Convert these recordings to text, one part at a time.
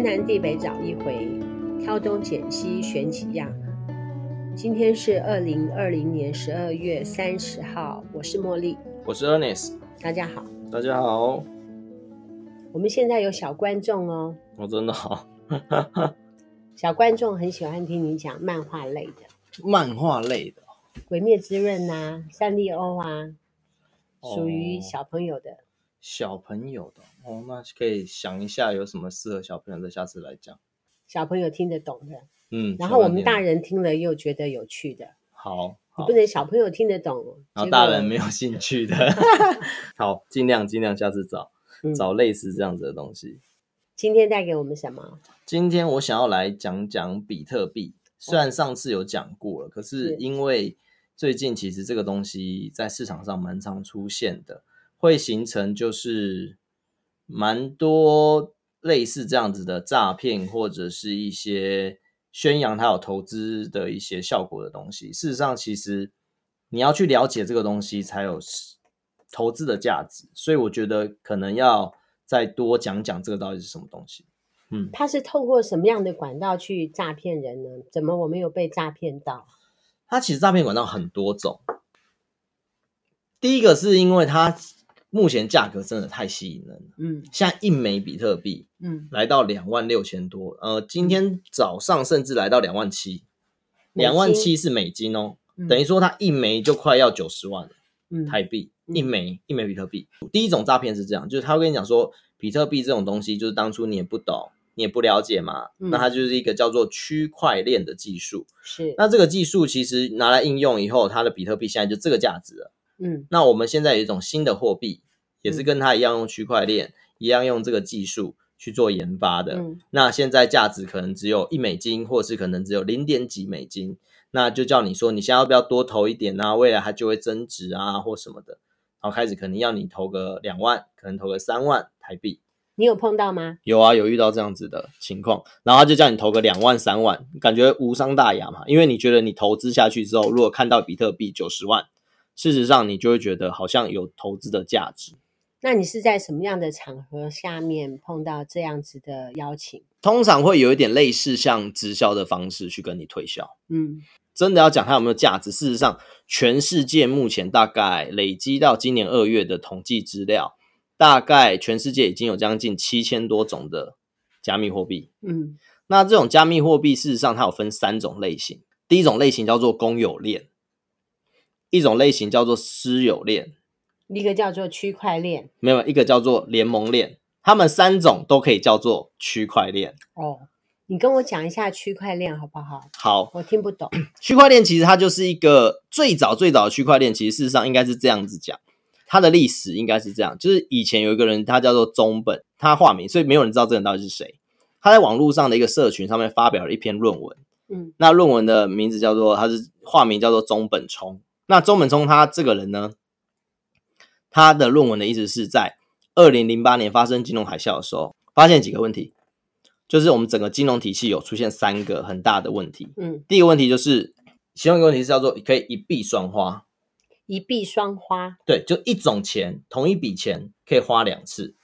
天南地北找一回，挑東揀西選幾樣。今天是二零二零年十二月三十號，我是茉莉，我是 Ernest，大家好，大家好，我們現在有小觀眾哦、喔，我真的好， 小觀眾很喜歡聽你講漫畫類的，漫畫類的，鬼滅之刃吶，三麗鷗啊，屬於、啊哦、小朋友的。小朋友的哦，那可以想一下有什麼適合小朋友的，下次來講。小朋友聽得懂的，嗯，然後我們大人聽了又覺得有趣的。好，好你不能小朋友聽得懂，然後好果大人沒有興趣的。 好，儘量儘量下次找、嗯、找類似這樣子的東西。今天帶給我們什麼？今天我想要來講講比特幣，哦、雖然上次有講過了，可是因為最近其實這個東西在市場上蠻常出現的。會形成就是蠻多類似這樣子的詐騙，或者是一些宣揚他有投資的一些效果的東西。事實上，其實你要去了解這個東西才有投資的價值。所以我覺得可能要再多講講這個到底是什麼東西。嗯，它是透過什麼樣的管道去詐騙人呢？怎麼我沒有被詐騙到？它其實詐騙管道很多種。第一個是因為它。目前價格真的太吸引人了，嗯，現在一枚比特幣 26,，嗯，來到兩萬六千多，呃，今天早上甚至來到兩萬七，兩萬七是美金哦，嗯、等於說它一枚就快要九十萬了、嗯、台幣一枚、嗯、一枚比特幣。嗯、第一種詐騙是這樣，就是他會跟你講說，比特幣這種東西就是當初你也不懂，你也不了解嘛，嗯、那它就是一個叫做區塊鏈的技術，是，那這個技術其實拿來應用以後，它的比特幣現在就這個價值了。嗯，那我們現在有一種新的貨幣，也是跟它一樣用區塊鏈，嗯、一樣用這個技術去做研發的。嗯，那現在價值可能只有一美金，或是可能只有零點幾美金，那就叫你說你現在要不要多投一點啊？未來它就會增值啊，或什麼的。然後開始可能要你投個兩萬，可能投個三萬台幣。你有碰到嗎？有啊，有遇到這樣子的情況，然後他就叫你投個兩萬、三萬，感覺無傷大雅嘛，因為你覺得你投資下去之後，如果看到比特幣九十萬。事實上，你就會覺得好像有投資的價值。那你是在什麼樣的場合下面碰到這樣子的邀請？通常會有一點類似像直銷的方式去跟你推銷。嗯，真的要講它有沒有價值？事實上，全世界目前大概累積到今年二月的統計資料，大概全世界已經有將近七千多種的加密貨幣。嗯，那這種加密貨幣，事實上它有分三種類型。第一種類型叫做公有鏈。一種類型叫做私有鏈，一個叫做區塊鏈，沒有一個叫做聯盟鏈，他們三種都可以叫做區塊鏈。哦，你跟我講一下區塊鏈好不好？好，我聽不懂 。區塊鏈其實它就是一個最早最早的區塊鏈，其實事實上應該是這樣子講，它的歷史應該是這樣，就是以前有一個人，他叫做中本，他化名，所以沒有人知道這個人到底是誰。他在網絡上的一個社群上面發表了一篇論文，嗯，那論文的名字叫做，他是化名叫做中本聰。那周本聰他這個人呢，他的論文的意思是在二零零八年發生金融海嘯的時候，發現幾個問題，就是我們整個金融體系有出現三個很大的問題。嗯，第一個問題就是，其中一個問題是叫做可以一幣雙花，一幣雙花，對，就一種錢，同一筆錢可以花兩次。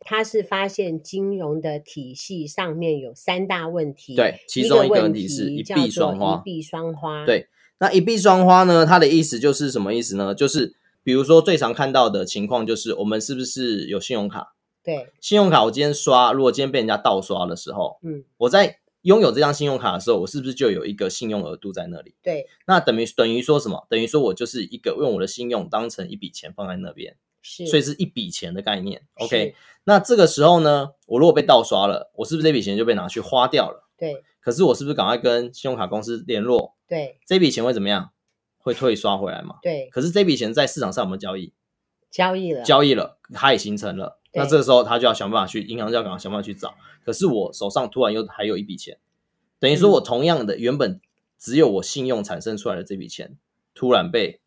他是發現金融的體系上面有三大問題，對，其中一個問題是一幣雙花，一幣雙花，對。那一幣雙花呢？它的意思就是什麼意思呢？就是比如說最常看到的情況就是我們是不是有信用卡？對，信用卡我今天刷，如果今天被人家盜刷的時候，嗯，我在擁有這張信用卡的時候，我是不是就有一個信用額度在那裡？對，那等於等於說什麼？等於說我就是一個用我的信用當成一筆錢放在那邊，是，所以是一筆錢的概念。OK，那這個時候呢，我如果被盜刷了，我是不是這筆錢就被拿去花掉了？對。可是我是不是趕快跟信用卡公司聯絡？對，這筆錢會怎麼樣？會退刷回來嗎？對。可是這筆錢在市場上有沒有交易？交易了，交易了，它也形成了。對。那這個時候他就要想辦法去銀行，就要趕快想辦法去找。可是我手上突然又還有一筆錢，等於說我同樣的原本只有我信用產生出來的這筆錢，突然被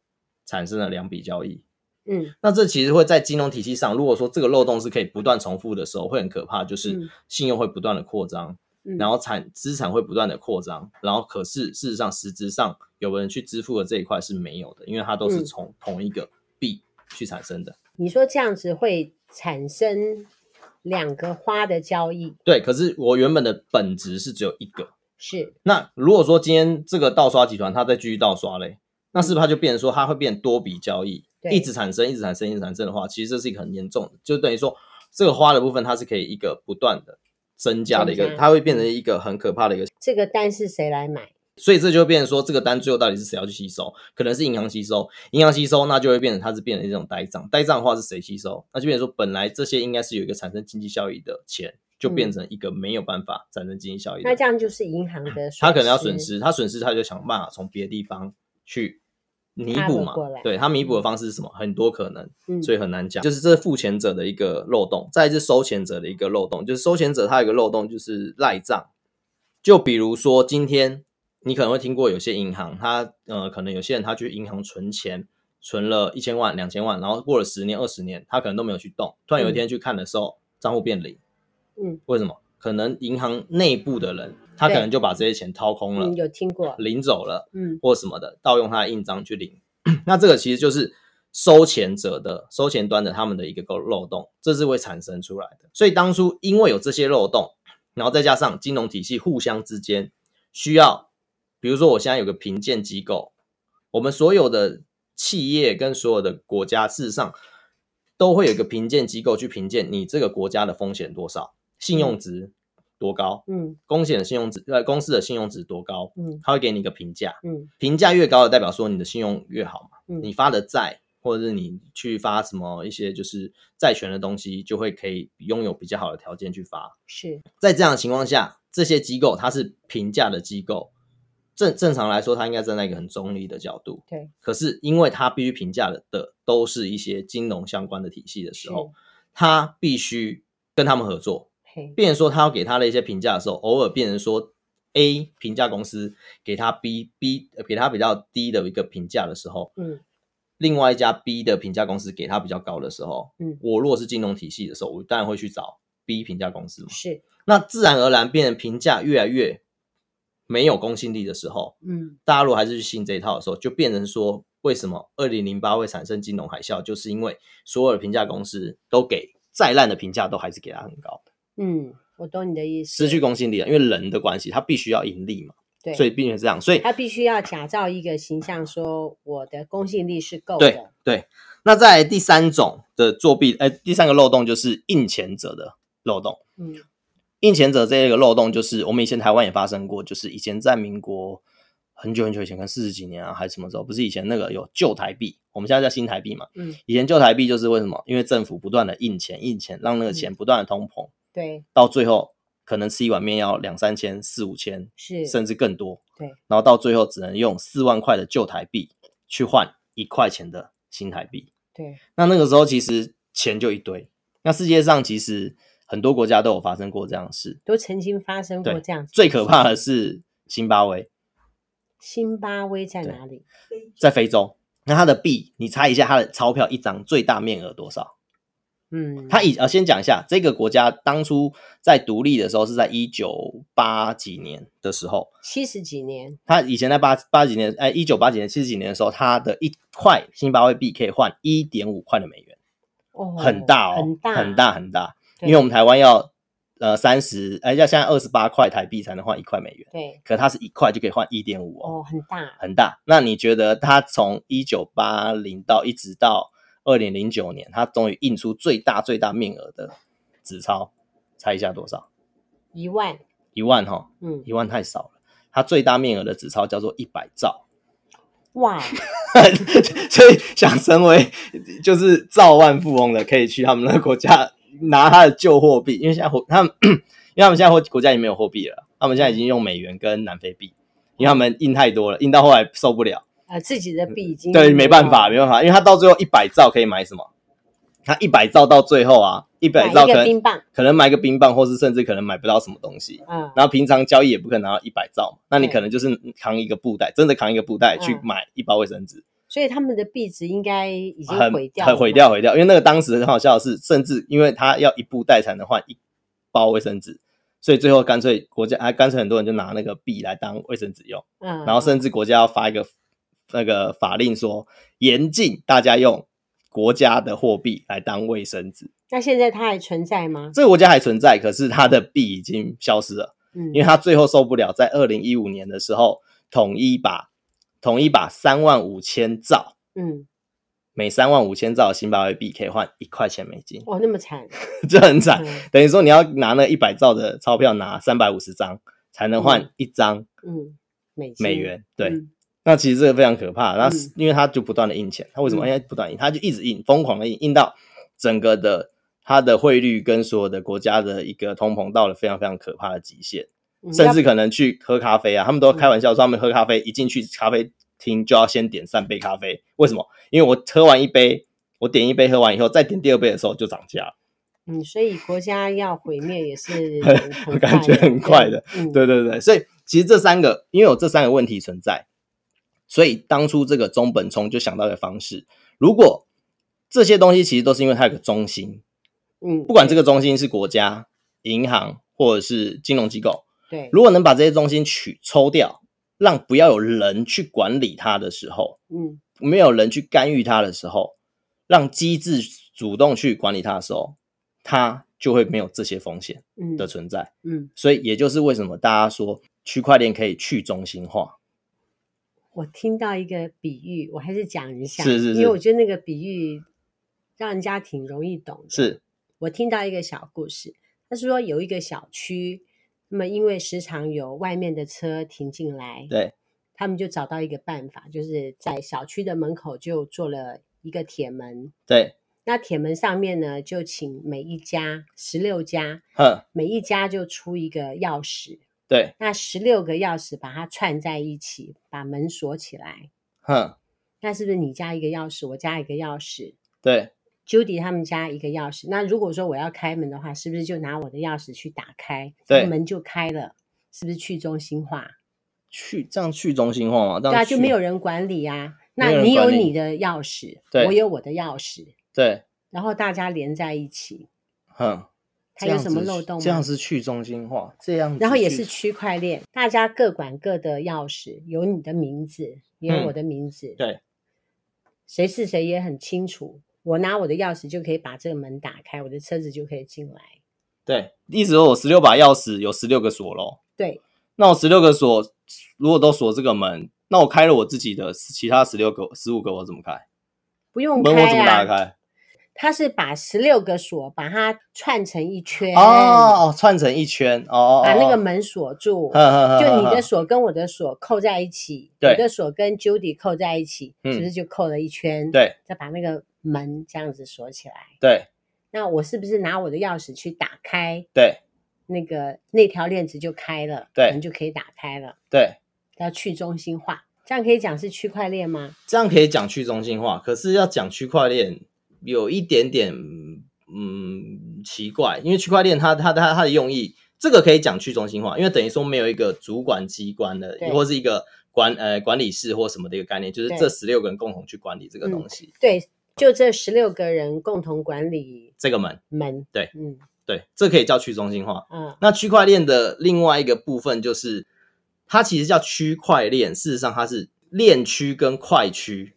產生了兩筆交易。嗯。那這其實會在金融體系上，如果說這個漏洞是可以不斷重複的時候，會很可怕，就是信用會不斷的擴張。嗯然後產資產會不斷的擴張，然後可是事實上實質上有人去支付的這一塊是沒有的，因為它都是從同一個幣去產生的。嗯、你說這樣子會產生兩個花的交易？對，可是我原本的本質是只有一個。是。那如果說今天這個盜刷集團它再繼續盜刷嘞，那是不是它就變成說它會變多筆交易，嗯、對，一直產生，一直產生，一直產生的話，其實這是一個很嚴重的，就等於說這個花的部分它是可以一個不斷的。增加的一個，加它會變成一個很可怕的一個。這個單是誰來買？所以這就變成說，這個單最後到底是誰要去吸收？可能是銀行吸收，銀行吸收，那就會變成它是變成一種呆賬。呆賬的話是誰吸收？那就變成說，本來這些應該是有一個產生經濟效益的錢，就變成一個沒有辦法產生經濟效益的、嗯。那這樣就是銀行的損失，他、嗯、可能要損失，他損失他就想辦法從別的地方去。彌補嘛，對，他彌補的方式是什麼？嗯、很多可能，所以很難講。嗯、就是這是付錢者的一個漏洞，再是收錢者的一個漏洞。就是收錢者他有一個漏洞，就是賴賬。就比如說今天你可能會聽過有些銀行，他呃可能有些人他去銀行存錢，存了一千萬、兩千萬，然後過了十年、二十年，他可能都沒有去動。突然有一天去看的時候，嗯、賬戶變零。嗯，為什麼？可能銀行內部的人。他可能就把這些錢掏空了，嗯、有聽過領走了，嗯，或什麼的，盜用他的印章去領。 那這個其實就是收錢者的收錢端的他們的一個漏洞，這是會產生出來的。所以當初因為有這些漏洞，然後再加上金融體系互相之間需要，比如說我現在有個評鑑機構，我們所有的企業跟所有的國家事實上都會有一個評鑑機構去評鑑你這個國家的風險多少，信用值。嗯多高？嗯，公險的信用值，呃，公司的信用值多高？嗯，他會給你一個評價，嗯，評價越高的代表說你的信用越好嘛，嗯，你發的債或者是你去發什麼一些就是債權的東西，就會可以擁有比較好的條件去發。是在這樣的情況下，這些機構它是評價的機構，正正常來說，它應該站在一個很中立的角度，對。Okay. 可是因為它必須評價的的都是一些金融相關的體系的時候，是它必須跟他們合作。變成說他要給他的一些評價的時候，偶爾變成說 A 評價公司給他 B B 給他比較低的一個評價的時候，嗯，另外一家 B 的評價公司給他比較高的時候，嗯，我如果是金融體系的時候，我當然會去找 B 評價公司嘛。是，那自然而然變成評價越來越沒有公信力的時候，嗯，大家如果還是去信這一套的時候，就變成說為什麼2008會產生金融海嘯，就是因為所有的評價公司都給再爛的評價都還是給他很高的。嗯，我懂你的意思。失去公信力了，因為人的關係，他必須要盈利嘛，對，所以變成這樣，所以他必須要假造一個形象，說我的公信力是夠的。對對。那在第三種的作弊，哎，第三個漏洞就是印錢者的漏洞。嗯，印錢者這一個漏洞就是我們以前台灣也發生過，就是以前在民國很久很久以前，可能四十幾年啊，還是什麼時候？不是以前那個有舊台幣，我們現在叫新台幣嘛。嗯。以前舊台幣就是為什麼？因為政府不斷的印錢，印錢讓那個錢不斷的通膨。嗯對，到最後可能吃一碗麵要兩三千、四五千，是甚至更多。對，然後到最後只能用四萬塊的舊台幣去換一塊錢的新台幣。對，那那個時候其實錢就一堆。那世界上其實很多國家都有發生過這樣的事，都曾經發生過這樣。對是最可怕的是辛巴威。辛巴威在哪裡？在非洲。那它的幣，你猜一下它的鈔票一張最大面額多少？嗯，他以呃先講一下這個國家當初在獨立的時候是在一九八幾年的時候，七十幾年。他以前在八八幾年，哎，一九八幾年，七十幾年的時候，他的一塊新巴位幣可以換一點五塊的美元，哦，很大哦，很大很大很大。對因為我們台灣要呃三十，30, 哎，要現在二十八塊台幣才能換一塊美元，對。可它是一塊就可以換一點五哦，很大很大。那你覺得他從一九八零到一直到？二零零九年，他終於印出最大最大面額的紙鈔。猜一下多少？一萬？一萬哈？嗯，一萬太少了。他最大面額的紙鈔叫做一百兆。哇萬！ 所以想成為就是兆萬富翁的，可以去他們的國家拿他的舊貨幣，因為現在他們，因為他們現在貨國家已經沒有貨幣了，他們現在已經用美元跟南非幣，因為他們印太多了，印到後來受不了。呃，自己的幣已經對沒辦法，沒辦法，因為他到最後一百兆可以買什麼？他一百兆到最後啊，一百兆可能可能買個冰棒，或是甚至可能買不到什麼東西。嗯，然後平常交易也不可能拿到一百兆嘛，嗯、那你可能就是扛一個布袋，嗯、真的扛一個布袋去買一包衛生紙。嗯、所以他們的幣值應該已經毀掉，很很毀掉，毀掉。因為那個當時很好笑的是，甚至因為他要一布袋才能換一包衛生紙，所以最後乾脆國家還、啊、乾脆很多人就拿那個幣來當衛生紙用。嗯，然後甚至國家要發一個。那個法令說，嚴禁大家用國家的貨幣來當衛生紙。那現在它還存在嗎？這個國家還存在，可是它的幣已經消失了。嗯，因為它最後受不了，在二零一五年的時候，統一把統一把三萬五千兆，嗯，每三萬五千兆的辛巴威幣可以換一塊錢美金。哇、哦，那麼慘， 就很慘。嗯、等於說你要拿那一百兆的鈔票，拿三百五十張才能換一張嗯，元嗯，美美元，對。嗯那其實這個非常可怕，那是因為它就不斷的印錢，它、嗯、為什麼？因為不斷印，它就一直印，瘋狂的印，印到整個的它的匯率跟所有的國家的一個通膨到了非常非常可怕的極限，要甚至可能去喝咖啡啊，他們都開玩笑說，嗯、他們喝咖啡一進去咖啡廳就要先點三杯咖啡，為什麼？因為我喝完一杯，我點一杯喝完以後，再點第二杯的時候就漲價。嗯，所以國家要毀滅也是、啊、 我感覺很快的，對對，對對對，嗯、所以其實這三個，因為有這三個問題存在。所以當初這個中本聰就想到一個方式，如果這些東西其實都是因為它有個中心，嗯，不管這個中心是國家、銀行或者是金融機構，對，如果能把這些中心取抽掉，讓不要有人去管理它的時候，嗯，沒有人去干預它的時候，讓機制主動去管理它的時候，它就會沒有這些風險的存在，嗯，嗯，所以也就是為什麼大家說區塊鏈可以去中心化。我聽到一個比喻，我還是講一下，是是是因為我覺得那個比喻讓人家挺容易懂的。是，我聽到一個小故事，他是說有一個小區，那麼因為時常有外面的車停進來，對，他們就找到一個辦法，就是在小區的門口就做了一個鐵門，對，那鐵門上面呢，就請每一家十六家，呵每一家就出一個鑰匙。對，那十六個鑰匙把它串在一起，把門鎖起來。哼，那是不是你加一個鑰匙，我加一個鑰匙？對，Judy 他們家一個鑰匙。那如果說我要開門的話，是不是就拿我的鑰匙去打開？對，門就開了，是不是去中心化？去這樣去中心化嘛？對啊，就沒有人管理啊。理那你有你的鑰匙，對，我有我的鑰匙，對，然後大家連在一起，哼。還有什麼漏洞嗎？這樣，這樣是去中心化，這樣子。然後也是區塊鏈，大家各管各的鑰匙，有你的名字，也有、嗯、有我的名字，對，誰是誰也很清楚。我拿我的鑰匙就可以把這個門打開，我的車子就可以進來。對，意思說我十六把鑰匙有十六個鎖嘍？對，那我十六個鎖如果都鎖這個門，那我開了我自己的，其他十六個、十五個我怎麼開？不用開、啊，門我怎麼打開？它是把十六個鎖把它串成一圈，哦，串成一圈，哦把那個門鎖住，就你的鎖跟我的鎖扣在一起，你的鎖跟 Judy 扣在一起，是不是就扣了一圈？對，再把那個門這樣子鎖起來。對，那我是不是拿我的鑰匙去打開？對，那個那條鏈子就開了，對，門就可以打開了。對，要去中心化，這樣可以講是區塊鏈嗎？這樣可以講去中心化，可是要講區塊鏈。有一點點嗯奇怪，因為區塊鏈它它它它的用意，這個可以講去中心化，因為等於說沒有一個主管機關的，對或是一個管呃管理室或什麼的一個概念，就是這十六個人共同去管理這個東西。對，嗯、對，就這十六個人共同管理這個門門。對，嗯，對，這可以叫去中心化。嗯，那區塊鏈的另外一個部分就是，它其實叫區塊鏈，事實上它是鏈區跟塊區。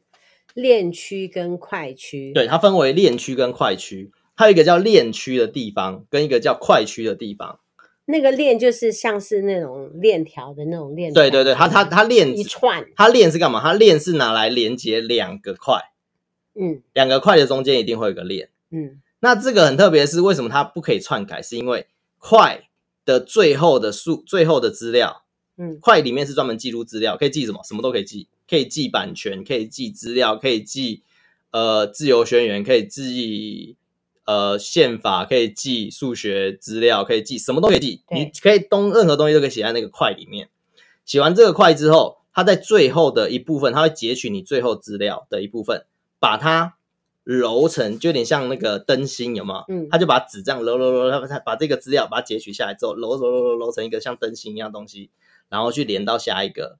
鏈區跟塊區，對，它分為鏈區跟塊區，還有一個叫鏈區的地方，跟一個叫塊區的地方。那個鏈就是像是那種鏈條的那種鏈。對對對，它它它鏈一串，它鏈是幹嘛？它鏈是拿來連接兩個塊，嗯，兩個塊的中間一定會有個鏈，嗯。那這個很特別是，為什麼它不可以篡改？是因為塊的最後的數，最後的資料，嗯，塊裡面是專門記錄資料，可以記什麼？什麼都可以記。可以記版權，可以記資料，可以記呃自由宣言，可以記呃憲法，可以記數學資料，可以記什麼都可以記。對你可以東任何東西都可以寫在那個塊裡面。寫完這個塊之後，它在最後的一部分，它會截取你最後資料的一部分，把它揉成就有點像那個燈芯，有沒有？嗯，它就把紙這樣揉揉揉，它把這個資料把它截取下來之後，揉揉揉揉揉成一個像燈芯一樣的東西，然後去連到下一個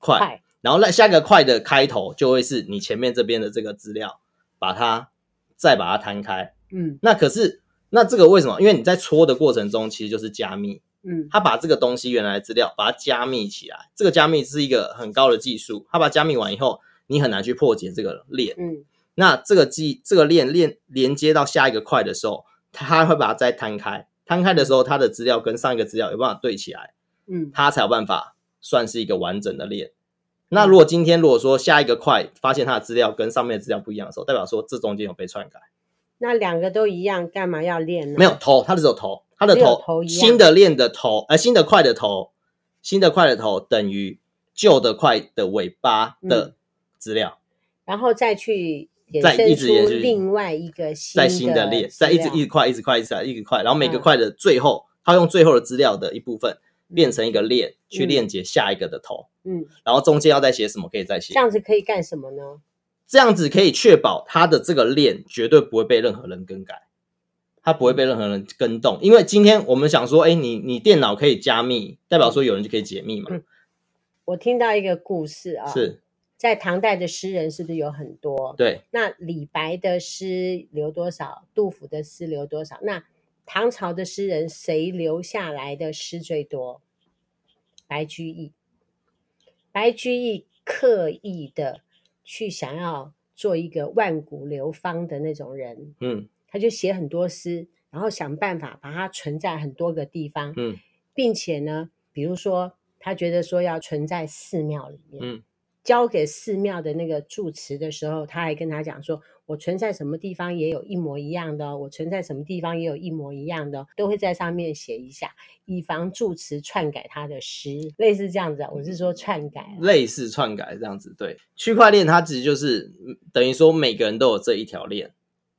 塊。然後，那下一個塊的開頭就會是你前面這邊的這個資料，把它再把它攤開，嗯，那可是那這個為什麼？因為你在搓的過程中，其實就是加密，嗯，它把這個東西原來的資料把它加密起來，這個加密是一個很高的技術，它把它加密完以後，你很難去破解這個鏈，嗯，那這個記這個鏈鏈連接到下一個塊的時候，它會把它再攤開，攤開的時候，它的資料跟上一個資料有辦法對起來，嗯，它才有辦法算是一個完整的鏈。那如果今天如果說下一個塊，發現它的資料跟上面的資料不一樣的時候，代表說這中間有被篡改。那兩個都一樣，幹嘛要鏈呢？沒有頭，它的只有頭，它的頭，頭新的鏈的頭，呃，新的塊的頭，新的塊的頭等於舊的塊的尾巴的資料，嗯、然後再去再一直研究另外一個新的鏈，在一直料一直塊一直塊一直塊，一直塊，然後每個塊的最後它、嗯、用最後的資料的一部分。變成一個鏈，去鏈接下一個的頭，嗯，嗯，然後中間要再寫什麼可以再寫。這樣子可以幹什麼呢？這樣子可以確保它的這個鏈絕對不會被任何人更改，它不會被任何人更動，因為今天我們想說，哎，你你電腦可以加密，代表說有人就可以解密嘛？嗯、我聽到一個故事啊，哦、是在唐代的詩人是不是有很多？對，那李白的詩留多少？杜甫的詩留多少？那唐朝的詩人誰留下來的詩最多？白居易。白居易刻意的去想要做一個萬古流芳的那種人，嗯，他就寫很多詩，然後想辦法把它存在很多個地方，嗯，並且呢，比如說他覺得說要存在寺廟裡面，嗯。交給寺廟的那個住持的時候，他還跟他講說：“我存在什麼地方也有一模一樣的哦，我存在什麼地方也有一模一樣的哦，都會在上面寫一下，以防住持篡改他的詩。”類似這樣子，我是說篡改。嗯，類似篡改這樣子。對，區塊鏈它其實就是等於說每個人都有這一條鏈，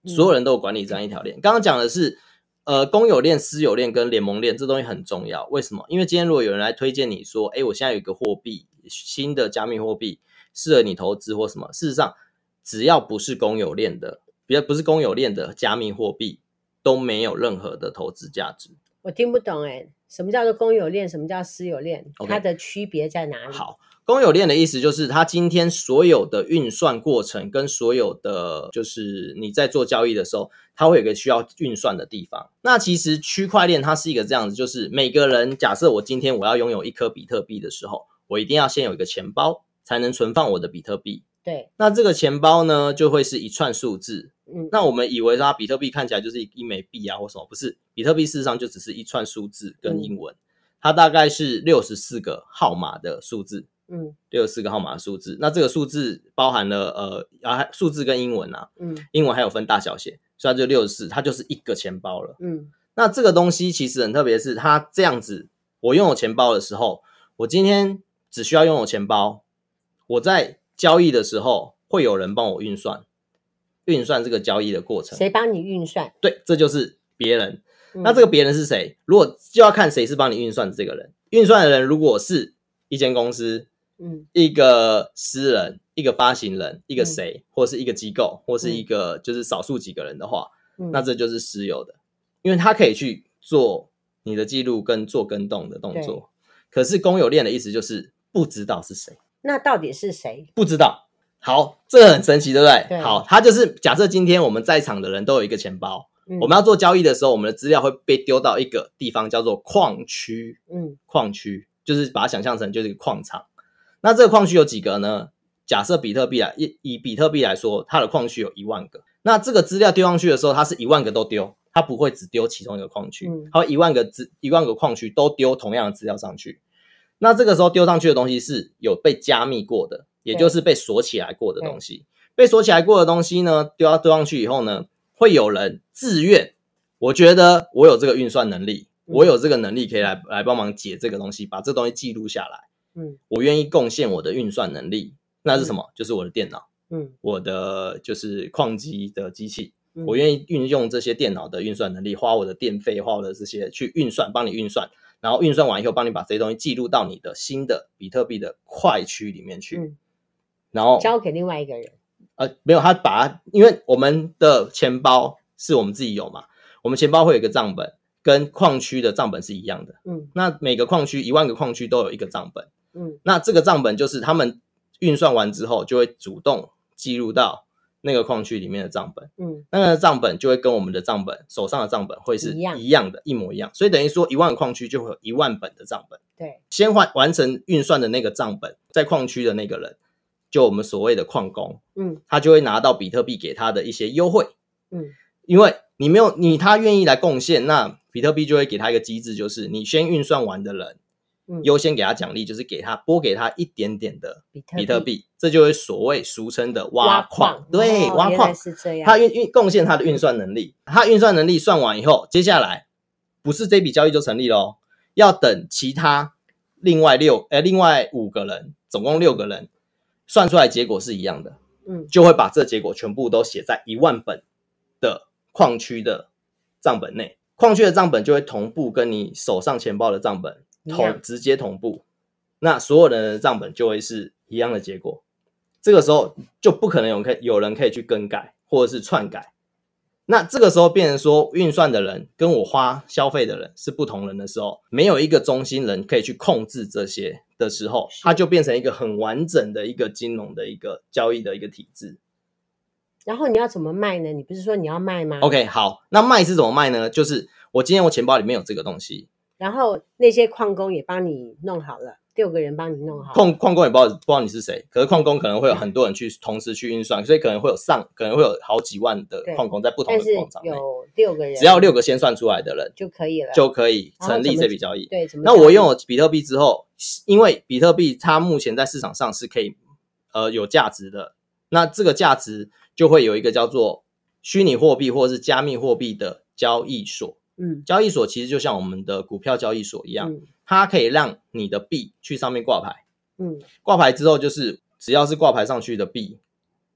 所有人都有管理這樣一條鏈。嗯，剛剛講的是。呃，公有鏈、私有鏈跟聯盟鏈這東西很重要，為什麼？因為今天如果有人來推薦你說，哎，我現在有一個貨幣，新的加密貨幣適合你投資或什麼，事實上，只要不是公有鏈的，別不是公有鏈的加密貨幣都沒有任何的投資價值。我聽不懂哎、欸，什麼叫做公有鏈？什麼叫私有鏈？它的區別在哪裡？Okay. 好。公有鏈的意思就是，它今天所有的運算過程跟所有的，就是你在做交易的時候，它會有一個需要運算的地方。那其實區塊鏈它是一個這樣子，就是每個人假設我今天我要擁有一顆比特幣的時候，我一定要先有一個錢包才能存放我的比特幣。對。那這個錢包呢，就會是一串數字。嗯。那我們以為它比特幣看起來就是一枚幣啊或什麼，不是？比特幣事實上就只是一串數字跟英文。嗯。它大概是六十四個號碼的數字。64嗯，六四個號碼的數字，那這個數字包含了呃，啊數字跟英文啊，嗯，英文還有分大小寫，所以它就六十四，它就是一個錢包了。嗯，那這個東西其實很特別，是它這樣子，我擁有錢包的時候，我今天只需要擁有錢包，我在交易的時候會有人幫我運算，運算這個交易的過程。誰幫你運算？對，這就是別人。嗯、那這個別人是誰？如果就要看誰是幫你運算的這個人，運算的人如果是一間公司。嗯，一個私人，一個發行人，一個誰，嗯、或是一個機構，或是一個就是少數幾個人的話，嗯、那這就是私有的，因為他可以去做你的記錄跟做更動的動作。對可是公有鏈的意思就是不知道是誰。那到底是誰？不知道。好，這個，很神奇，對不對？對，好，他就是假設今天我們在場的人都有一個錢包，嗯、我們要做交易的時候，我們的資料會被丟到一個地方，叫做礦區。嗯，礦區就是把它想象成就是一個礦場。那這個礦區有幾個呢？假設比特幣啊，以以比特幣來說，它的礦區有一萬個。那這個資料丟上去的時候，它是一萬個都丟，它不會只丟其中一個礦區，嗯、它一萬個一萬個礦區都丟同樣的資料上去。那這個時候丟上去的東西是有被加密過的，對也就是被鎖起來過的東西。被鎖起來過的東西呢，丟到丟上去以後呢，會有人自願，我覺得我有這個運算能力，嗯、我有這個能力可以來來幫忙解這個東西，把這個東西記錄下來。嗯，我願意貢獻我的運算能力，那是什麼？嗯、就是我的電腦，嗯，我的就是礦機的機器，嗯、我願意運用這些電腦的運算能力，嗯、花我的電費，花我的這些去運算，幫你運算，然後運算完以後，幫你把這些東西記錄到你的新的比特幣的塊區裡面去，嗯、然後交給另外一個人。呃，沒有，他把他，因為我們的錢包是我們自己有嘛，我們錢包會有一個賬本，跟礦區的賬本是一樣的，嗯，那每個礦區一萬個礦區都有一個賬本。嗯，那這個賬本就是他們運算完之後，就會主動記錄到那個礦區裡面的賬本。嗯，那個賬本就會跟我們的賬本手上的賬本會是一樣的，一樣，一模一樣。所以等於說，一萬礦區就會有一萬本的賬本。對，先換完成運算的那個賬本，在礦區的那個人，就我們所謂的礦工，嗯，他就會拿到比特幣給他的一些優惠。嗯，因為你沒有你，他願意來貢獻，那比特幣就會給他一個機制，就是你先運算完的人。優先給他獎勵，就是給他撥給他一點點的比特幣，特幣這就會所謂俗稱的挖礦，挖礦對，哦、挖礦是這樣。他運運貢獻他的運算能力，嗯、他運算能力算完以後，接下來不是這筆交易就成立咯？要等其他另外六誒、呃、另外五個人，總共六個人算出來結果是一樣的，嗯，就會把這結果全部都寫在一萬本的礦區的賬本內，礦區的賬本就會同步跟你手上錢包的賬本，同直接同步，一樣。那所有人的賬本就會是一樣的結果。這個時候就不可能有可有人可以去更改或者是篡改。那這個時候變成說，運算的人跟我花消費的人是不同人的時候，沒有一個中心人可以去控制這些的時候，它就變成一個很完整的一個金融的一個交易的一個體制。然後你要怎麼賣呢？你不是說你要賣嗎？OK，好，那賣是怎麼賣呢？就是我今天我錢包裡面有這個東西。然後那些礦工也幫你弄好了，六個人幫你弄好了。礦礦工也不知道，不知道你是誰，可是礦工可能會有很多人去對同時去運算，所以可能會有上，可能會有好幾萬的礦工在不同的礦場。有六個人，只要六個先算出來的人就可以了，就可以成立這筆交易。怎麼對，怎麼，那我用了比特幣之後，因為比特幣它目前在市場上是可以呃，有價值的，那這個價值就會有一個叫做虛擬貨幣或者是加密貨幣的交易所。嗯，交易所，其實就像我們的股票交易所一樣，嗯、它可以讓你的幣去上面掛牌。嗯，掛牌之後就是只要是掛牌上去的幣，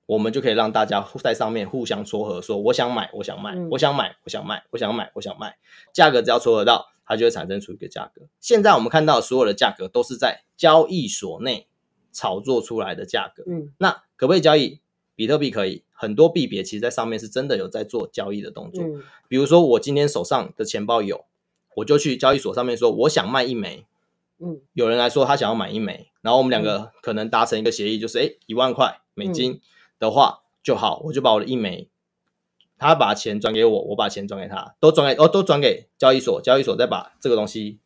我們就可以讓大家在上面互相撮合，說我想買，我想賣、嗯，我想買，我想賣，我想買，我想賣，價格只要撮合到，它就會產生出一個價格。現在我們看到所有的價格都是在交易所內炒作出來的價格。嗯，那可不可以交易？比特幣可以，很多幣別其實，在上面是真的有在做交易的動作。嗯、比如說我今天手上的錢包有，我就去交易所上面說我想賣一枚，嗯，有人來說他想要買一枚，嗯、然後我們兩個可能達成一個協議，就是、嗯、誒一萬塊美金的話、嗯、就好，我就把我的一枚，他把錢轉給我，我把錢轉給他，都轉給哦都轉給交易所，交易所再把這個東西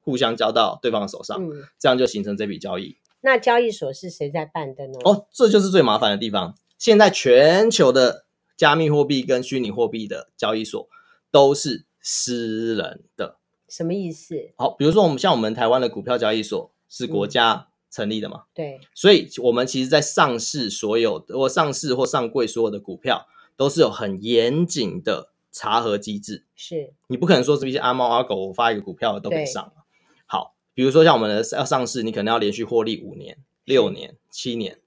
互相交到對方的手上，嗯、這樣就形成這筆交易。那交易所是誰在辦的呢？哦，這就是最麻煩的地方。現在全球的加密貨幣跟虛擬貨幣的交易所都是私人的，什麼意思？好、哦，比如說我們像我們台灣的股票交易所是國家成立的嘛？嗯、對，所以我們其實，在上市所有的或上市或上櫃所有的股票，都是有很嚴謹的查核機制。是，你不可能說是一些阿貓阿狗發一個股票都可以上。比如說，像我們的要上市，你可能要連續獲利五年、六年、七年，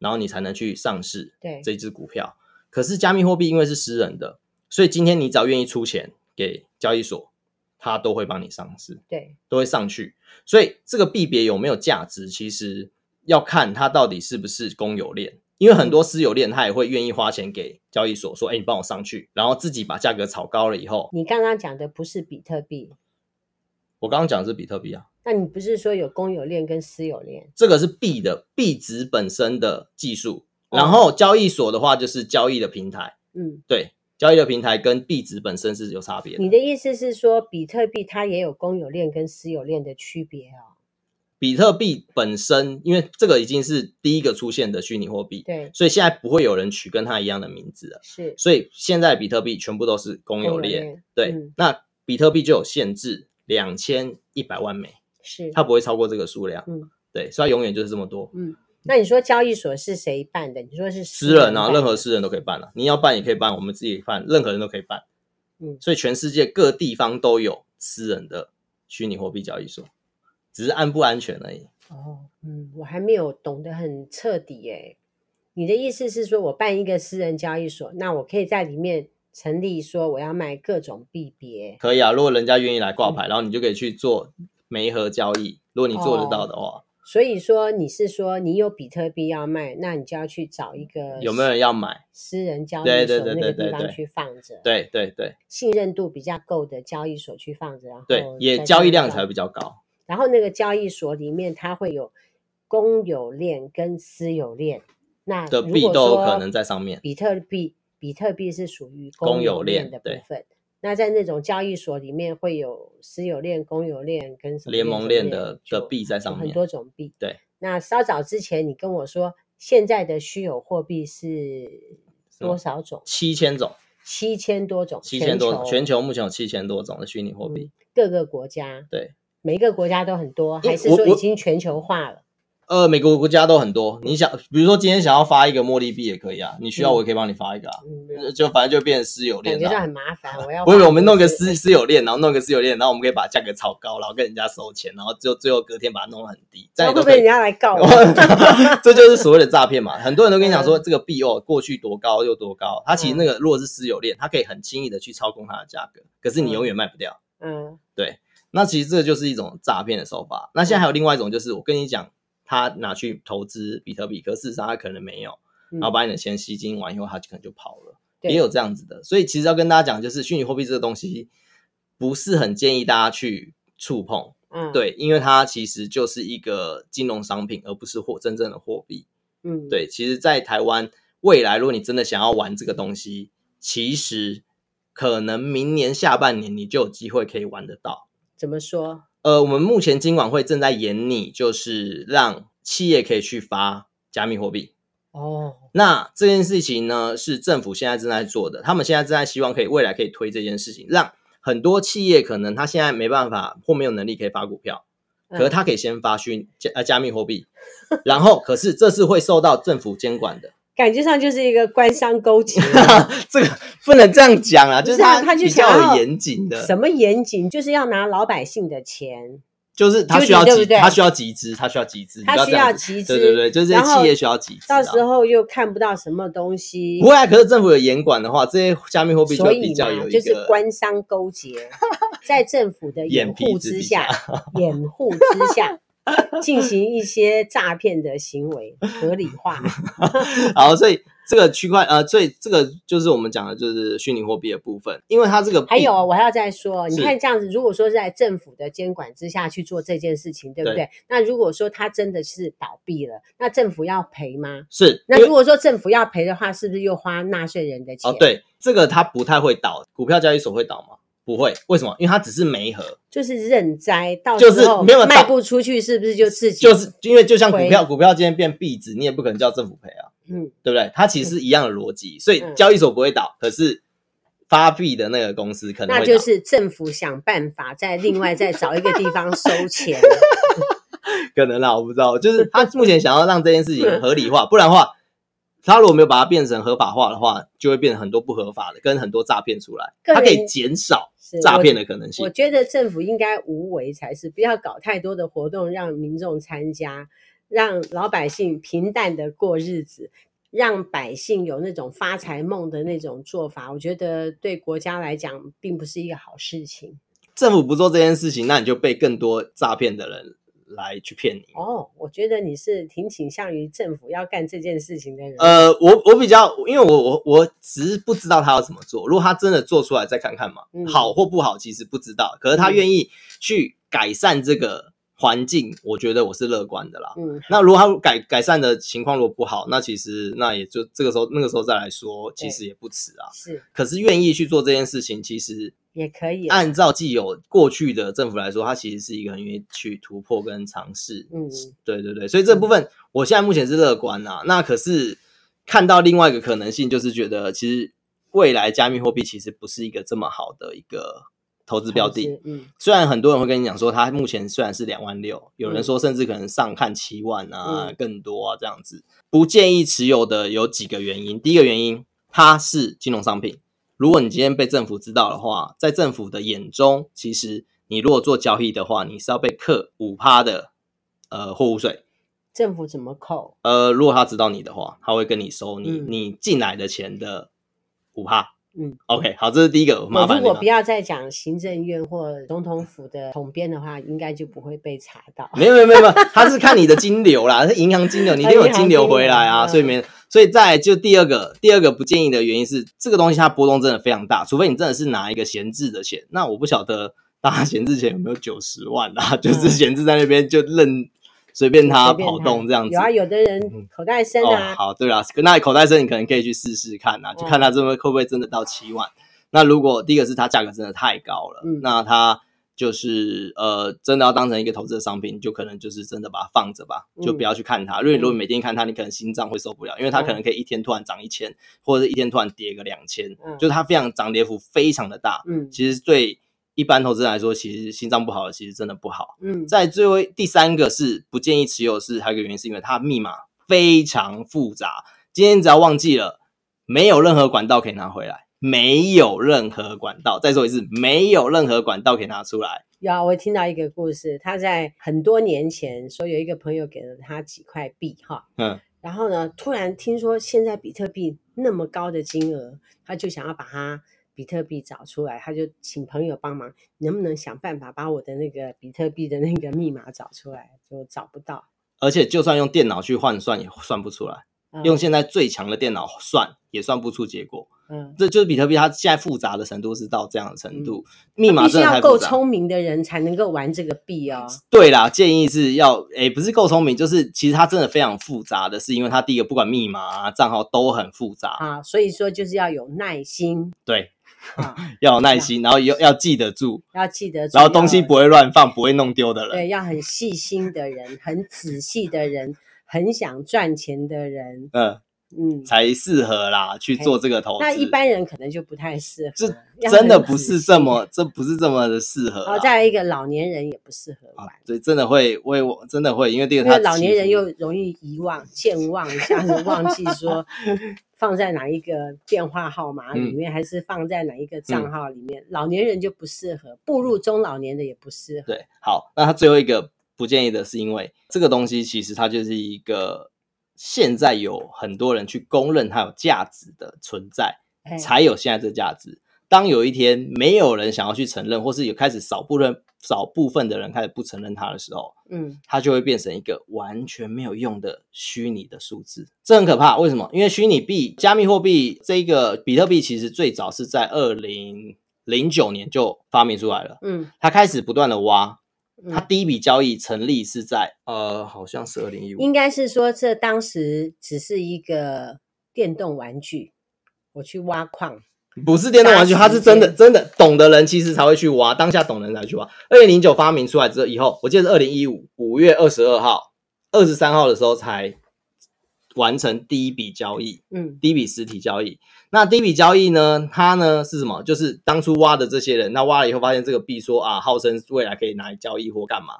然後你才能去上市。對，這支股票。對。可是加密貨幣因為是私人的，所以今天你只要願意出錢給交易所，它都會幫你上市。對，都會上去。所以這個幣別有沒有價值，其實要看它到底是不是公有鏈。因為很多私有鏈，它也會願意花錢給交易所說：“嗯、哎，你幫我上去，然後自己把價格炒高了以後。”你剛剛講的不是比特幣？我剛剛講的是比特幣啊，那你不是說有公有鏈跟私有鏈？這個是幣的幣值本身的技術，然後交易所的話就是交易的平台。嗯，對，交易的平台跟幣值本身是有差別的。你的意思是說，比特幣它也有公有鏈跟私有鏈的區別啊、哦？比特幣本身，因為這個已經是第一個出現的虛擬貨幣，對，所以現在不會有人取跟它一樣的名字了。是，所以現在比特幣全部都是公有鏈。公有鏈對，嗯、那比特幣就有限制。兩千一百萬枚，是它不會超過這個數量。嗯，對，所以永遠就是這麼多。嗯，那你說交易所是誰辦的？你說是私人啊，任何私人都可以辦、啊嗯、你要辦也可以辦，我們自己辦，任何人都可以辦。嗯，所以全世界各地方都有私人的虛擬貨幣交易所，只是安不安全而已。哦，嗯，我還沒有懂得很徹底耶、欸。你的意思是說，我辦一個私人交易所，那我可以在裡面？成立說我要賣各種幣別，可以啊。如果人家願意來掛牌，嗯、然後你就可以去做媒合交易。如果你做得到的話、哦，所以說你是說你有比特幣要賣，那你就要去找一個有沒有人要買，私人交易所那個地方去放着。對對對，對對對，對對對，信任度比較夠的交易所去放着，對對對對，然對也交易量才會比較高。然後那個交易所裡面它會有公有鏈跟私有鏈，那的幣都有可能在上面比特幣。比特幣是屬於公有鏈的部分。那在那種交易所裡面，會有私有鏈、公有鏈跟什麼鏈聯盟鏈的就的幣在上面，很多種幣。對，那稍早之前你跟我說，現在的虛擬貨幣是多少種？嗯、七千種，七千多種，七千多。全球目前有七千多種的虛擬貨幣，嗯、各個國家對，每一個國家都很多，還是說已經全球化了？呃，每個國家都很多。你想，比如說今天想要發一個茉莉幣也可以啊，你需要我也可以幫你發一個啊。嗯、就反正就變成私有鏈了。感覺就很麻煩，啊、我要。我以為，我們弄個私、嗯、私有鏈，然後弄個私有鏈，然後我們可以把價格炒高，然後跟人家收錢，然後最後最後隔天把它弄得很低，然後都被人家來告。 這就是所謂的詐騙嘛？ 很多人都跟你講說，嗯、這個幣哦，過去多高就多高。它其實那個如果是私有鏈，它可以很輕易的去操控它的價格，可是你永遠賣不掉。嗯，對。那其實這就是一種詐騙的手法。嗯、那現在還有另外一種，就是我跟你講。他拿去投資比特幣，可事實上他可能沒有，嗯、然後把你的錢吸金完以後，他就可能就跑了，對也有這樣子的。所以其實要跟大家講，就是虛擬貨幣這個東西不是很建議大家去觸碰。嗯，對，因為它其實就是一個金融商品，而不是貨真正的貨幣。嗯，對。其實，在台灣，未來，如果你真的想要玩這個東西，其實可能明年下半年你就有機會可以玩得到。怎麼說？呃，我們目前金管會正在研擬，就是讓企業可以去發加密貨幣。哦，oh. 那這件事情呢，是政府現在正在做的。他們現在正在希望可以未來可以推這件事情，讓很多企業可能他現在沒辦法或沒有能力可以發股票，嗯、可是他可以先發虛加呃加密貨幣， 然後可是這是會受到政府監管的。感覺上就是一個官商勾結，啊， 這個不能這樣講啊，就是他比較有嚴謹的，啊、什麼嚴謹？就是要拿老百姓的錢，就是他需要集，對對他需要集資，他需要集資，他需要集資，對對對，就是這些企業需要集資，啊，到時候又看不到什麼東西。不會、啊，可是政府有嚴管的話，這些加密貨幣就比較有一個、就是、官商勾結，在政府的掩護 掩護之下，掩護之下。 進 行一些詐騙的行為合理化， 好，所以這個區塊呃，所以這個就是我們講的，就是虛擬貨幣的部分，因為它這個還有，我還要再說，你看這樣子，是如果說是在政府的監管之下去做這件事情，對不對？對那如果說它真的是倒閉了，那政府要賠嗎？是，那如果說政府要賠的話，是不是又花納稅人的錢？哦，對，這個它不太會倒，股票交易所會倒嗎？不會，為什麼？因為它只是媒合，就是認栽，到就是沒有賣不出去，是不是就自己？就是因為就像股票，股票今天變壁紙，你也不可能叫政府賠啊，嗯，對不對？它其實是一樣的邏輯，所以交易所不會倒，嗯、可是發幣的那個公司可能。那就是政府想辦法再另外再找一個地方收錢， 可能啦、啊，我不知道，就是他目前想要讓這件事情合理化，嗯、不然的話。他如果沒有把它變成合法化的話，就會變成很多不合法的，跟很多詐騙出來。他個人，可以減少詐騙的可能性。我，我覺得政府應該無為才是，不要搞太多的活動讓民眾參加，讓老百姓平淡的過日子，讓百姓有那種發財夢的那種做法，我覺得對國家來講並不是一個好事情。政府不做這件事情，那你就被更多詐騙的人來去騙你哦，oh, 我覺得你是挺傾向於政府要幹這件事情的人。呃，我我比較，因為我我我只是不知道他要怎麼做。如果他真的做出來，再看看嘛，好或不好，其實不知道。嗯、可是他願意去改善這個環境，嗯、我覺得我是樂觀的啦。嗯，那如果他改改善的情況如果不好，那其實那也就這個時候那個時候再來說，嗯、其實也不遲啊。是，可是願意去做這件事情，其實。也可以按照既有過去的政府來說，它其實是一個很願意去突破跟嘗試。嗯，對對對，所以這部分、嗯、我現在目前是樂觀啊。那可是看到另外一個可能性，就是覺得其實未來加密貨幣其實不是一個這麼好的一個投資標的。嗯，雖然很多人會跟你講說，它目前雖然是兩萬六，有人說甚至可能上看七萬啊，嗯、更多啊這樣子，不建議持有的有幾個原因。第一個原因，它是金融商品。如果你今天被政府知道的話，在政府的眼中，其實你如果做交易的話，你是要被扣五趴的，呃，貨物稅。政府怎麼扣？呃，如果他知道你的話，他會跟你收你、嗯、你進來的錢的五趴。嗯，OK，好，這是第一個，麻煩。如果不要再講行政院或總統府的統編的話，應該就不會被查到。沒有沒有沒有，他是看你的金流啦， 是銀行金流，你得有金流回來啊，呃、所以沒。所以再來就第二個，嗯、第二個不建議的原因是，這個東西它波動真的非常大，除非你真的是拿一個閒置的錢。那我不曉得大家閒置錢有沒有九十萬啊？就是閒置在那邊就認。嗯隨便它跑動這樣子，有啊，有的人口袋深啊，嗯哦。好，對啦，那口袋深，你可能可以去試試看吶，啊，就看它真的會不會真的到七萬。嗯，那如果第一個是它價格真的太高了，嗯，那它就是呃真的要當成一個投資的商品，就可能就是真的把它放着吧，就不要去看它。因為你如果每天看它，你可能心臟會受不了，因為它可能可以一天突然漲一千，嗯，或者是一天突然跌個兩千，嗯，就是它非常漲跌幅非常的大。嗯，其實對。一般投資人來說，其實心臟不好的，其實真的不好。嗯，在最後第三個是不建議持有的是，是還有一個原因，是因為它密碼非常複雜。今天只要忘記了，沒有任何管道，可以拿回來，沒有任何管道。再說一次，沒有任何管道可以拿出來。有啊、嗯，我聽到一個故事，他在很多年前說，有一個朋友給了他幾塊幣，哈，嗯，然後呢，突然聽說現在比特幣那麼高的金額，他就想要把它。比特幣找出來，他就請朋友幫忙，能不能想辦法把我的那個比特幣的那個密碼找出來？就找不到，而且就算用電腦去換算，也算不出來。嗯，用現在最強的電腦算，也算不出結果。嗯，這就是比特幣，它現在複雜的程度是到這樣的程度。嗯，密碼是要夠聰明的人才能夠玩這個幣哦。對啦，建議是要，哎，欸，不是夠聰明，就是其實它真的非常複雜的是，因為它第一個不管密碼啊賬號都很複雜啊，所以說就是要有耐心。對。 要有耐心，啊、然後要，是要記得住，要記得住，然後東西不會亂放，有不會弄丟的人，對，要很細心的人， 很仔細的人，很仔細的人，很想賺錢的人，呃嗯，才適合啦去做這個投資。那一般人可能就不太適合、啊，這真的不是這麼，這不是這麼的適合、啊。好，再來一個老年人也不適合玩、啊對，真的會為我真的會，因為這個他是老年人又容易遺忘、健忘，一下子忘記說、 嗯、放在哪一個電話號碼裡面，嗯、還是放在哪一個賬號裡面。嗯、老年人就不適合，步入中老年的也不適合。對，好，那他最後一個不建議的是，因為這個東西其實它就是一個。現在有很多人去公認它有價值的存在，Okay. 才有現在這價值。當有一天沒有人想要去承認，或是有開始少部分少部分的人開始不承認它的時候，嗯，它就會變成一個完全沒有用的虛擬的數字。這很可怕，為什麼？因為虛擬幣、加密貨幣這個比特幣其實最早是在二零零九年就發明出來了，嗯，它開始不斷的挖。他第一筆交易成立是在，嗯、呃，好像是二零一五。應該是說這當時只是一個電動玩具，我去挖礦，不是電動玩具，它是真的真的懂的人其實才會去挖，當下懂的人才去挖。二零零九發明出來之後，以後我記得是二零一五五月二十二號、二十三號的時候才完成第一筆交易，嗯，第一筆實體交易。那第一筆交易呢？它呢是什麼？就是當初挖的這些人，那挖了以後發現這個幣說啊，號稱未來可以拿來交易或幹嘛，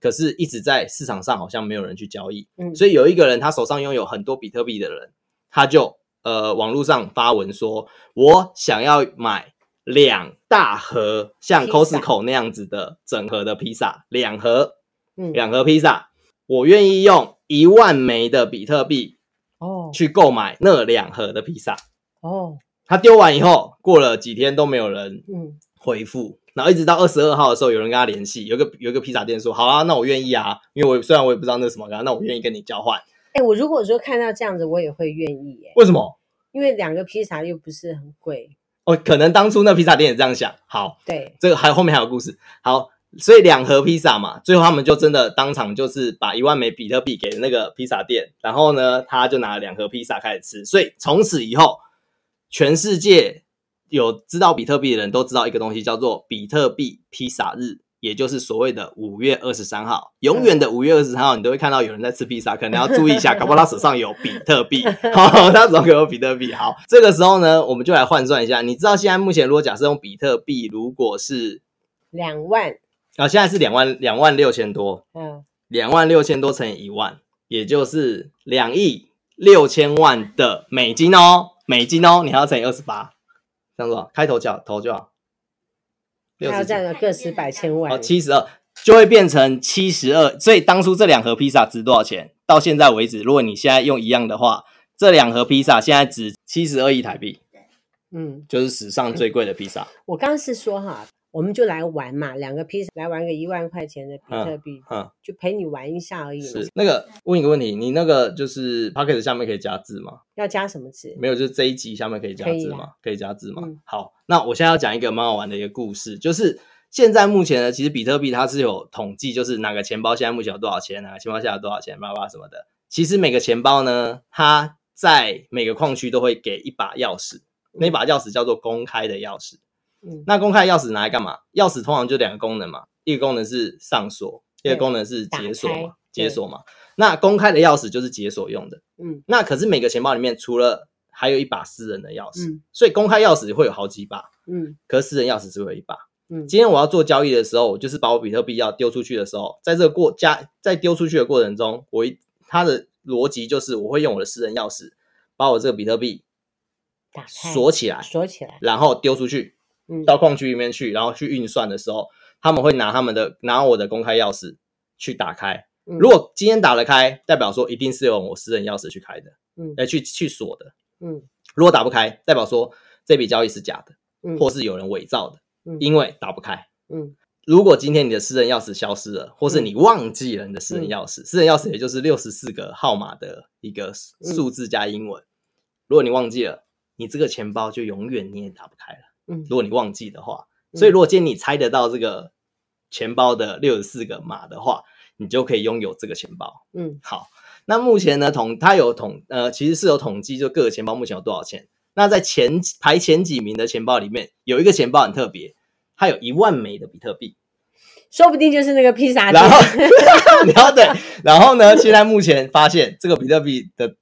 可是一直在市場上好像沒有人去交易。嗯，所以有一個人，他手上擁有很多比特幣的人，他就呃網絡上發文說，我想要買兩大盒像 Costco 那樣子的整盒的披薩，嗯，兩盒，嗯，兩盒披薩，我願意用。一萬枚的比特幣哦，去購買那兩盒的披薩哦。Oh. Oh. 他丟完以後，過了幾天都沒有人回復，嗯、然後一直到二十二號的時候，有人跟他聯繫，有一個有一個披薩店說：“好啊，那我願意啊，因為我雖然我也不知道那是什麼，那我願意跟你交換。”哎、欸，我如果說看到這樣子，我也會願意耶。為什麼？因為兩個披薩又不是很貴哦。可能當初那披薩店也這樣想。好，對，這個還有後面還有故事。好。所以兩盒披薩嘛，最後他們就真的當場就是把一萬枚比特幣給那個披薩店，然後呢，他就拿了兩盒披薩開始吃。所以從此以後，全世界有知道比特幣的人都知道一個東西，叫做比特幣披薩日，也就是所謂的五月二十三號。永遠的五月二十三號，你都會看到有人在吃披薩，可能要注意一下， 搞不好他手上有比特幣。 好，他手上有比特幣。好，這個時候呢，我們就來換算一下。你知道現在目前如果假設用比特幣，如果是兩萬。啊，現在是兩萬兩萬六千多，嗯，兩萬六千多乘以一萬，也就是兩億六千萬的美金哦，美金哦，你還要乘以二十八，這樣做開頭叫頭就好。還要這樣的個十百千萬。哦、啊，七十二就會變成七十二，所以當初這兩盒披薩值多少錢？到現在為止，如果你現在用一樣的話，這兩盒披薩現在值七十二億台幣，嗯，就是史上最貴的披薩。我剛剛是說哈。我們就來玩嘛，兩個披薩來玩個一萬塊錢的比特幣，嗯嗯、就陪你玩一下而已。是那個問一個問題，你那個就是 Pocket 下面可以加字嗎？要加什麼字？沒有，就是這一集下面可以加字嗎？可以，啊、可以加字嗎？嗯、好，那我現在要講一個蠻好玩的一個故事，就是現在目前呢，其實比特幣它是有統計，就是哪個錢包現在目前有多少錢、啊，哪個錢包現在有多少錢，巴巴什麼的。其實每個錢包呢，它在每個礦區都會給一把鑰匙，那把鑰匙叫做公開的鑰匙。嗯、那公開鑰匙拿來幹嘛？鑰匙通常就兩個功能嘛，一個功能是上鎖，一個功能是解鎖嘛，解鎖嘛。那公開的鑰匙就是解鎖用的。嗯。那可是每個錢包裡面除了還有一把私人的鑰匙，嗯、所以公開鑰匙會有好幾把。嗯。可私人鑰匙只有一把。嗯。今天我要做交易的時候，就是把我比特幣要丟出去的時候，在這個過加在丟出去的過程中，我一，它的邏輯就是我會用我的私人鑰匙把我這個比特幣鎖起來，鎖起來，然後丟出去到礦區裡面去，然後去運算的時候，他們會拿他們的拿我的公開鑰匙去打開。嗯、如果今天打得開，代表說一定是用我私人鑰匙去開的，嗯，來、呃、去去鎖的，嗯。如果打不開，代表說這筆交易是假的，嗯、或是有人偽造的，嗯、因為打不開，嗯。如果今天你的私人鑰匙消失了，或是你忘記了你的私人鑰匙，嗯嗯、私人鑰匙也就是六十四個號碼的一個數字加英文。嗯、如果你忘記了，你這個錢包就永遠你也打不開了。如果你忘記的話，嗯、所以如果今天你猜得到這個錢包的六十四個碼的話，你就可以擁有這個錢包。嗯，好。那目前呢統，它有統，呃，其實是有統計，就各個錢包目前有多少錢。那在前排前幾名的錢包裡面，有一個錢包很特別，它有一萬枚的比特幣，說不定就是那個披薩。然後，然後 對，然後呢，現在目前發現 這個比特幣的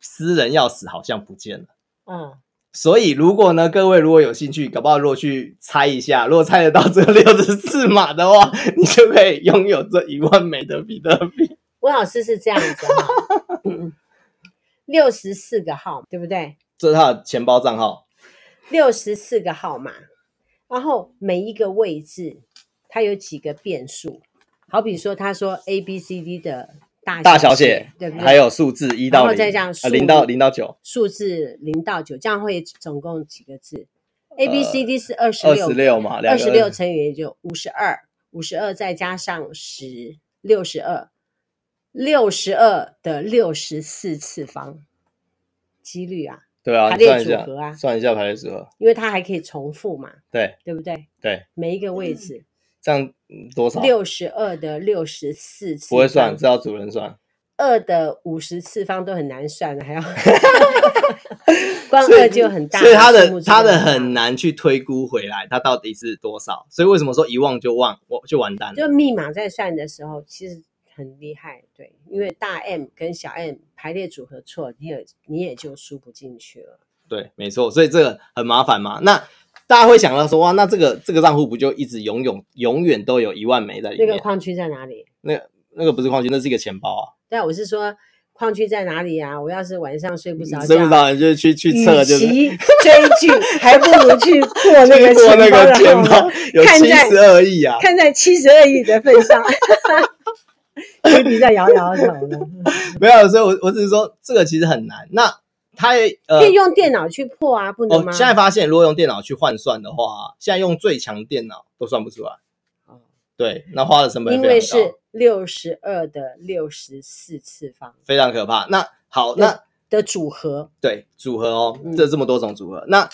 私人鑰匙好像不見了。嗯。所以，如果呢，各位如果有興趣，搞不好如果去猜一下，如果猜得到這六十四碼的話，你就可以擁有這一萬枚的比特幣。溫老師是這樣子，六十四個號，對不對？這是他的錢包賬號，六十四個號碼，然後每一個位置它有幾個變數，好比說他說 A B C D 的。大小寫，還有數字一到零，零到零到九，數字零到九，這樣會總共幾個字？A B C D 是二十六，二十六嘛，二十六乘以也就五十二，五十二再加上十，六十二，六十二的六十四次方，幾率啊？對啊，排列組合啊，算一下排列組合，因為它還可以重複嘛？對，對不對？對，每一個位置。這樣多少？六十二的六十四次，不會算，知道主人算。二的五十次方都很難算，還要， 光二就很大所，所以他的他的很難去推估回來，它到底是多少？所以為什麼說一忘就忘，我就完蛋了。就密碼在算的時候，其實很厲害，對，因為大 M 跟小 m 排列組合錯，你也你也就輸不進去了。對，沒錯，所以這個很麻煩嘛。那大家會想到說哇，那這個這個賬戶不就一直永永永遠都有一萬枚在裡面？那個礦區在哪裡？那個那個不是礦區，那是一個錢包啊。對啊，我是說礦區在哪裡啊？我要是晚上睡不着覺，睡不着覺就去去測，就是追劇，還不如去做那個錢包。有七十二億啊！看在七十二億的份上，可以再搖一搖呢。 沒有，所以我我只是說這個其實很難。那它也、呃、可以用電腦去破啊，不能嗎？我、哦，現在發現，如果用電腦去換算的話，嗯、現在用最強電腦都算不出來。哦、嗯，對，那花了什麼？因為是六十二的六十四次方，非常可怕。那好，那的組合對組合哦，嗯、這這麼多種組合。那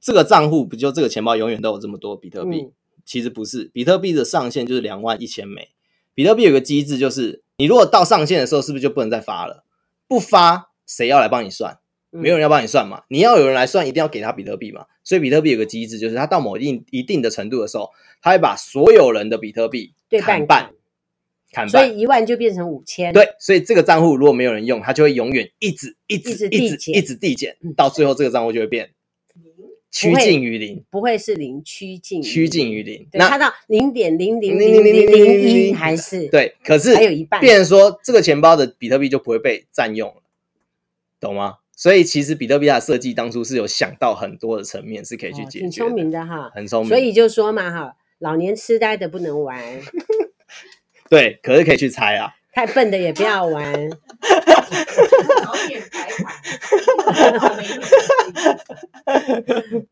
這個賬戶不就這個錢包永遠都有這麼多比特幣？嗯、其實不是，比特幣的上限就是兩萬一千枚。比特幣有個機制，就是你如果到上限的時候，是不是就不能再發了？不發，誰要來幫你算？沒有人要幫你算嘛？你要有人來算，一定要給他比特幣嘛。所以比特幣有個機制，就是他到某一定一定的程度的時候，他會把所有人的比特幣砍半，砍半、半。所以一萬就變成五千。對，所以這個賬戶如果沒有人用，它就會永遠一直一直一直一直遞減，到最後這個賬戶就會變趨近於零。不會，不會是零，趨近於零，趨近於零。對，那到零點零零零零一還是對？可是還有一半，變成說這個錢包的比特幣就不會被佔用了，懂嗎？所以其實比特幣的設計當初是有想到很多的層面，是可以去解決的。哦，挺聰明的哈，很聰明。所以就說嘛哈，老年痴呆的不能玩。 對，可是可以去猜啊。太笨的也不要玩。哈哈哈哈哈！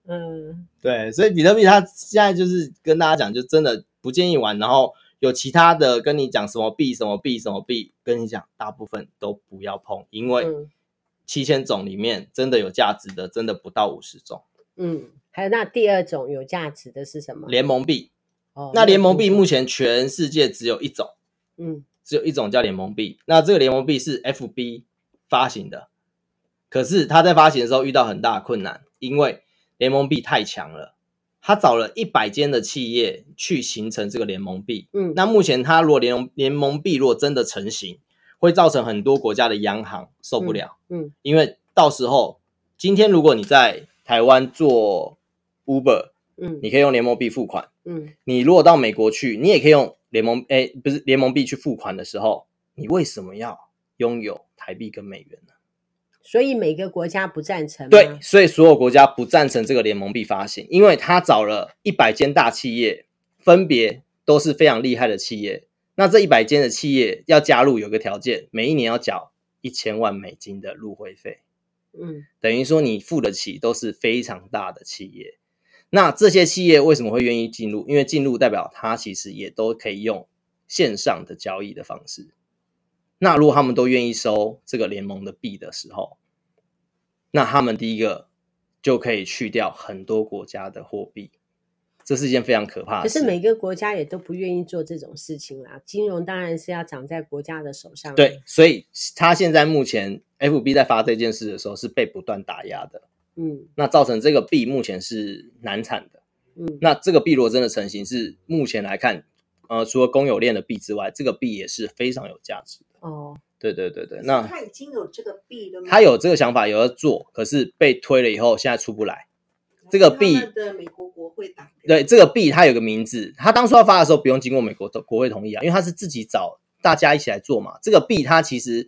嗯，對，所以比特幣它現在就是跟大家講，就真的不建議玩。然後有其他的跟你講什麼幣、什麼幣、什麼幣，跟你講大部分都不要碰，因為、嗯。七千種裡面，真的有價值的，真的不到五十種。嗯，還有那第二種有價值的是什麼？聯盟幣。哦，那聯盟幣目前全世界只有一種。嗯，只有一種叫聯盟幣。那這個聯盟幣是 FB 發行的，可是它在發行的時候遇到很大的困難，因為聯盟幣太強了。它找了一百間的企業去形成這個聯盟幣。嗯，那目前它如果聯盟聯盟幣若真的成型，會造成很多國家的央行受不了，嗯，嗯，因為到時候今天如果你在台灣做 Uber，嗯，你可以用聯盟幣付款，嗯，你如果到美國去，你也可以用聯盟，哎、欸，不是聯盟幣去付款的時候，你為什麼要擁有台幣跟美元呢？所以每個國家不贊成，對，所以所有國家不贊成這個聯盟幣發行，因為他找了一百間大企業，分別都是非常厲害的企業。那這一百間的企業要加入，有個條件，每一年要繳一千萬美金的入會費。嗯，等於說你付得起，都是非常大的企業。那這些企業為什麼會願意進入？因為進入代表他其實也都可以用線上的交易的方式。那如果他們都願意收這個聯盟的幣的時候，那他們第一個就可以去掉很多國家的貨幣。這是一件非常可怕的事，可是每個國家也都不願意做這種事情啦。金融當然是要掌在國家的手上。對，所以他現在目前，F B 在發這件事的時候是被不斷打壓的。嗯，那造成這個幣目前是難產的。嗯，那這個幣如果真的成型是目前來看，呃，除了公有鏈的幣之外，這個幣也是非常有價值的。哦，對對對對，那他已經有這個幣了嗎？他有這個想法有要做，可是被推了以後，現在出不來。這個幣的美國國會黨對這個幣，它有個名字。它當初要發的時候，不用經過美國的國會同意啊，因為它是自己找大家一起來做嘛。這個幣它其實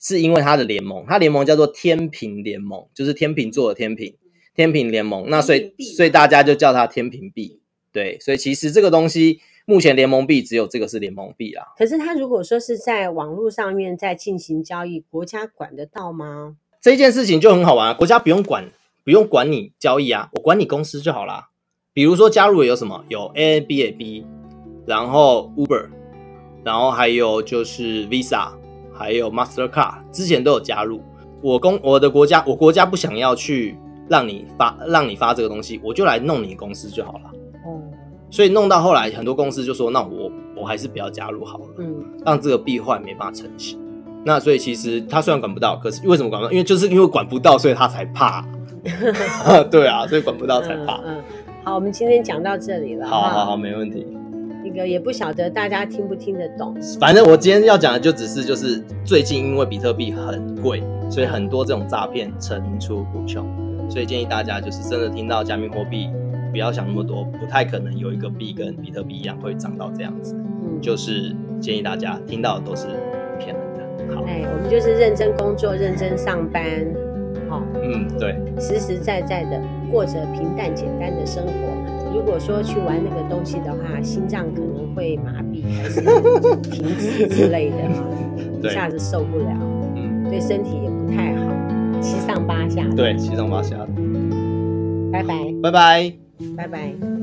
是因為它的聯盟，它聯盟叫做天平聯盟，就是天平座的天平、天平聯盟。那所以、啊、所以大家就叫它天平幣。對，所以其實這個東西目前聯盟幣只有這個是聯盟幣啦、啊。可是它如果說是在網絡上面在進行交易，國家管得到嗎？這件事情就很好玩、啊，國家不用管。不用管你交易啊，我管你公司就好啦。比如說加入有什麼，有 A B A B，然後 Uber，然後還有就是 Visa，還有 Mastercard，之前都有加入。我公我的國家，我國家不想要去讓你發讓你發這個東西，我就來弄你公司就好了。哦、嗯，所以弄到後來，很多公司就說，那我我還是不要加入好了。嗯，讓這個閉環沒辦法成型。那所以其實他雖然管不到，可是為什麼管不到？因為就是因為管不到，所以他才怕。 對啊，所以管不到才怕。 嗯，嗯，好，我們今天講到這裡了。好，好，好，沒問題。那個也不曉得大家聽不聽得懂。反正我今天要講的就只是，就是最近因為比特幣很貴，所以很多這種詐騙層出不窮。所以建議大家，就是真的聽到加密貨幣，不要想那麼多，不太可能有一個幣跟比特幣一樣會漲到這樣子。嗯，就是建議大家聽到的都是騙人的。好，哎、欸，我們就是認真工作，嗯、認真上班。好，哦、嗯，對，實實在在的過着平淡簡單的生活。如果說去玩那個東西的話，心臟可能會麻痹還是停止之類的 一下子受不了，對身體也不太好，嗯、七上八下的。對，七上八下的。拜拜，拜拜，拜拜。